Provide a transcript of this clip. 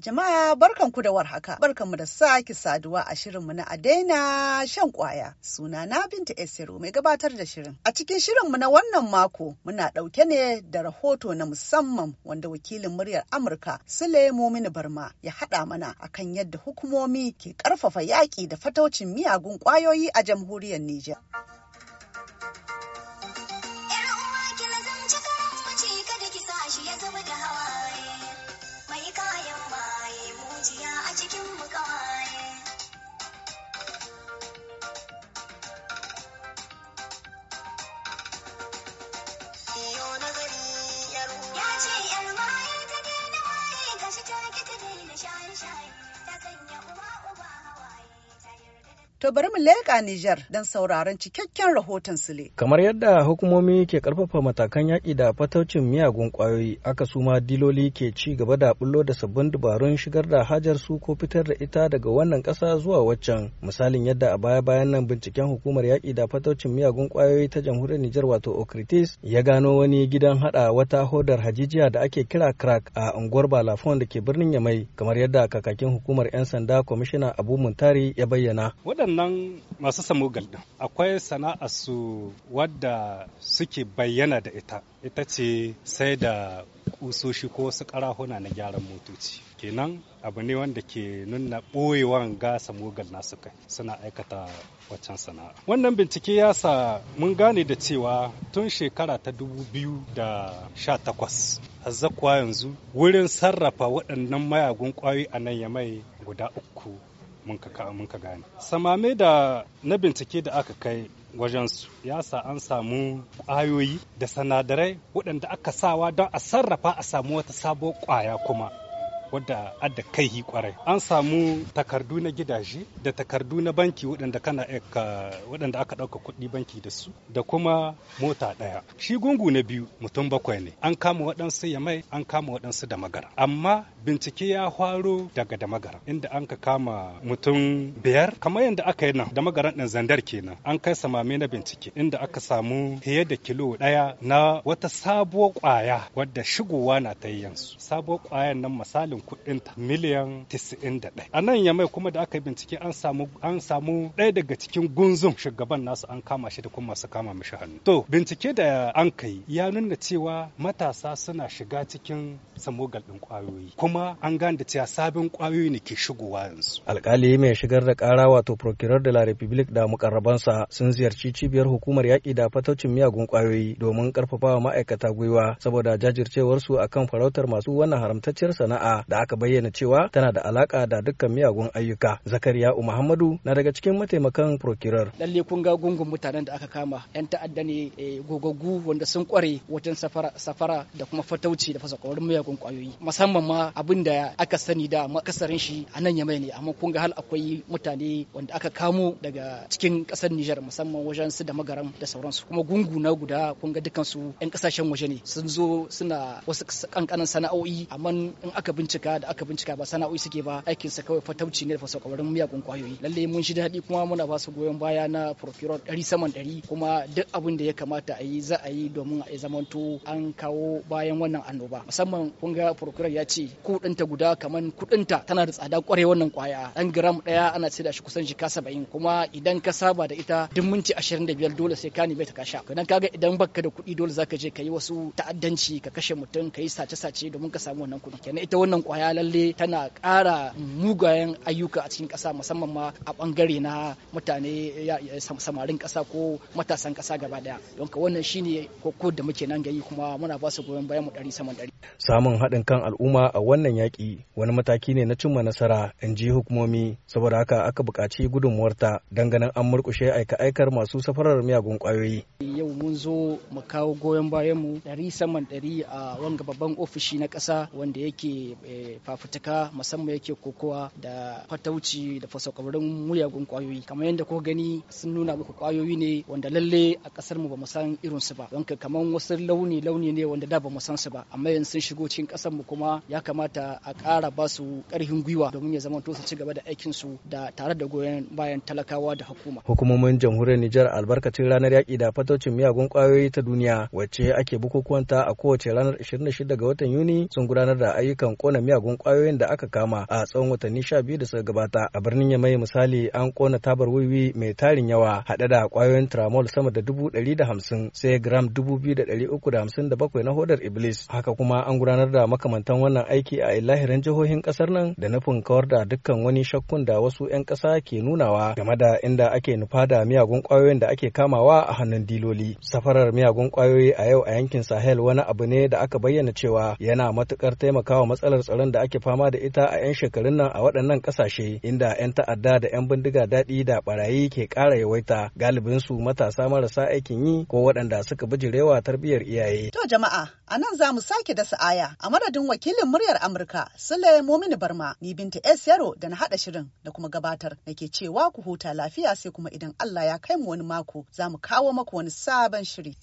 Jama'a barkanku da warhaka, barkanmu da sake saduwa a shirin mu na Adena shan kwaya. "Suna na Binta Esiru mai gabatar da shirin. A cikin shirin mu na wannan mako muna ɗauke ne da rahoto na musamman wanda wakilin muryar Amurka Sule Mumini Barma ya haɗa mana akan yadda hukumomi ke ƙarfafa yaƙi da fataucin miyagun ƙwayoyi a jamhuriyar Nijar. To bari mu leƙa Nijar don sauraron cikakken rahoton Sule. Kamar yadda hukumomi ke karfafa matakan yaƙi da fataucin miyagun ƙwayoyi, aka suma diloli ke ci gaba da bullo da sabbin dabarun shigar da hajar su ko fitar da ita daga wannan ƙasa zuwa waccan. Misalin yadda a baya-bayan nan binciken hukumar yaƙi da fataucin miyagun ƙwayoyi ta jamhuriyar Nijar wato Okritis ya gano wani gidan haɗa wata hodar hajijiya da ake kira crack a unguwar Balafon da ke birnin Yamai, kamar yadda kakakin hukumar 'yan sanda kwamishina Abu Muntari ya bayyana. waɗannan masu samogal ɗin akwai sana'a su wadda suke bayyana da ita ita ce sai da kusoshi ko wasu karahuna na gyaran motoci kenan abu ne wanda ke nuna ɓoyewar gasa mogal nasu kai suna aikata waccan sana'a wannan bincike ya sa mun gane da cewa tun shekara ta da sha 2018 hazzakuwa yanzu wurin sarrafa waɗannan mayagun ƙwayoyi a nan ya mai guda uku mun ka gane samame da na bincike da aka kai wajensu ya sa an samu ayoyi da sanadarai waɗanda aka sawa don a sarrafa a samu wata sabo kwaya kuma wadda adda kai hi kwarai an samu takardu na gidaje da takardu na banki waɗanda kana waɗanda aka ɗauka kuɗi banki da su da kuma mota ɗaya shi gungu na biyu mutum bakwai ne an kama waɗansu ya mai an kama waɗansu da magara amma bincike ya faro daga damagaran inda an ka kama mutum biyar kamar yadda aka yi nan damagaran ɗin zandar kenan an kai samami na bincike inda aka samu fiye da kilo ɗaya na wata sabuwar ƙwaya wadda shigowa na ta yi yansu sabuwar ƙwayan nan misalin kuɗin ta miliyan da ɗaya a nan ya mai kuma da aka yi bincike an samu ɗaya daga cikin gunzun shugaban nasu an kama shi da kuma masu kama mishi hannu to bincike da an kai ya nuna cewa matasa suna shiga cikin samogal ɗin ƙwayoyi kuma an gane da cewa sabon kwayoyi ne ke shigowa yanzu alkali mai shigar da kara wato procurer de la republic da mukarrabansa sun ziyarci cibiyar hukumar yaƙi da fataucin miyagun kwayoyi domin karfafawa ma'aikata gwiwa saboda jajircewar jajircewarsu akan farautar masu wannan haramtacciyar sana'a da aka bayyana cewa tana da alaka da dukkan miyagun ayyuka zakariya muhammadu na daga cikin mataimakan procurer lalle kun ga gungun mutanen da aka kama yan ta'adda ne eh, gogaggu wanda sun kware wajen safara da kuma fatauci da fasa kwarar miyagun kwayoyi musamman ma abin da aka sani da makasarin shi a nan yamai ne amma kun ga hal akwai mutane wanda aka kamo daga cikin kasar Nijar musamman wajen su da magaran da sauransu kuma gungu na guda kun ga dukansu yan kasashen waje ne sun zo suna wasu kankanan sana'o'i amma in aka bincika da aka bincika ba sana'o'i suke ba aikin sa kawai fatauci ne da fasaukawarin miyagun kwayoyi lalle mun shi daɗi kuma muna ba su goyon baya na procureur ɗari saman ɗari kuma duk abin da ya kamata a yi za a yi domin a zamanto an kawo bayan wannan annoba musamman kun ga procureur ya ce kudinta ɗinta guda kaman kuɗinta tana da tsada kwarai wannan kwaya dan gram daya ana sai da shi kusan ka saba'in kuma idan ka saba da ita duk minti ashirin biyar dole sai ka nemi ta kasha ka kaga idan baka da kuɗi dole zaka je ka yi wasu ta'addanci ka kashe mutum ka yi sace-sace domin ka samu wannan kuɗi kenan ita wannan kwaya lalle tana ƙara mugayen ayyuka a cikin ƙasa musamman ma a bangare na mutane samarin ƙasa ko matasan ƙasa gaba daya don ka wannan shine kokko da muke nan gayi kuma muna ba su goyon bayan mu dari saman ɗari. samun haɗin kan al'umma a wannan yaƙi wani mataki ne na cimma nasara in ji hukumomi saboda haka aka buƙaci gudunmuwarta don ganin an murƙushe aika-aikar masu safarar miyagun ƙwayoyi. Yau mun zo mu kawo goyon bayanmu ɗari saman ɗari a wanga babban ofishi na ƙasa wanda yake eh, fafutuka musamman yake kokowa da fatauci da fasaukabarin miyagun ƙwayoyi. Kamar yadda ko gani sun nuna muku ƙwayoyi ne wanda lalle a ƙasar mu ba mu san irin su ba. Don kamar wasu launi launi ne wanda da ba mu san su ba amma yanzu sun shigo cikin ƙasar mu kuma ya kamata kamata a ƙara ba su ƙarfin gwiwa domin ya zama to su ci gaba da aikin su da tare da goyon bayan talakawa da hukuma. Hukumomin jamhuriyar Nijar albarkacin ranar yaƙi da fatocin miyagun ƙwayoyi ta duniya wacce ake bukukuwanta a kowace ranar 26 ga watan Yuni sun gudanar da ayyukan kona miyagun ƙwayoyin da aka kama a tsawon watanni 12 da suka gabata. A birnin Yamai misali an kona tabar wiwi mai tarin yawa haɗe da ƙwayoyin tramol sama da dubu ɗari da hamsin sai gram dubu biyu da ɗari uku da hamsin da bakwai na hodar iblis. Haka kuma an gudanar da makamantan wannan aiki a lahirin jihohin kasar nan da nufin kawar da dukkan wani shakkun da wasu 'yan ƙasa ke nunawa game da inda ake nufa da miyagun ƙwayoyin da ake kamawa a hannun diloli. Safarar miyagun ƙwayoyi a yau a yankin Sahel wani abu ne da aka bayyana cewa yana matukar taimakawa matsalar tsaron da ake fama da ita a 'yan shekarun nan a waɗannan ƙasashe inda 'yan ta'adda da 'yan bindiga daɗi da barayi ke ƙara yawaita galibin su matasa marasa aikin yi ko waɗanda suka bijirewa tarbiyyar iyaye. To jama'a, a nan za mu sake da sa'aya a madadin wakilin muryar Amurka, Sule Momini Barma, ni Binta S Yaro da na hada shirin da kuma gabatar nake cewa ku huta lafiya sai kuma idan Allah ya kai mu wani mako za mu kawo maku wani sabon shiri.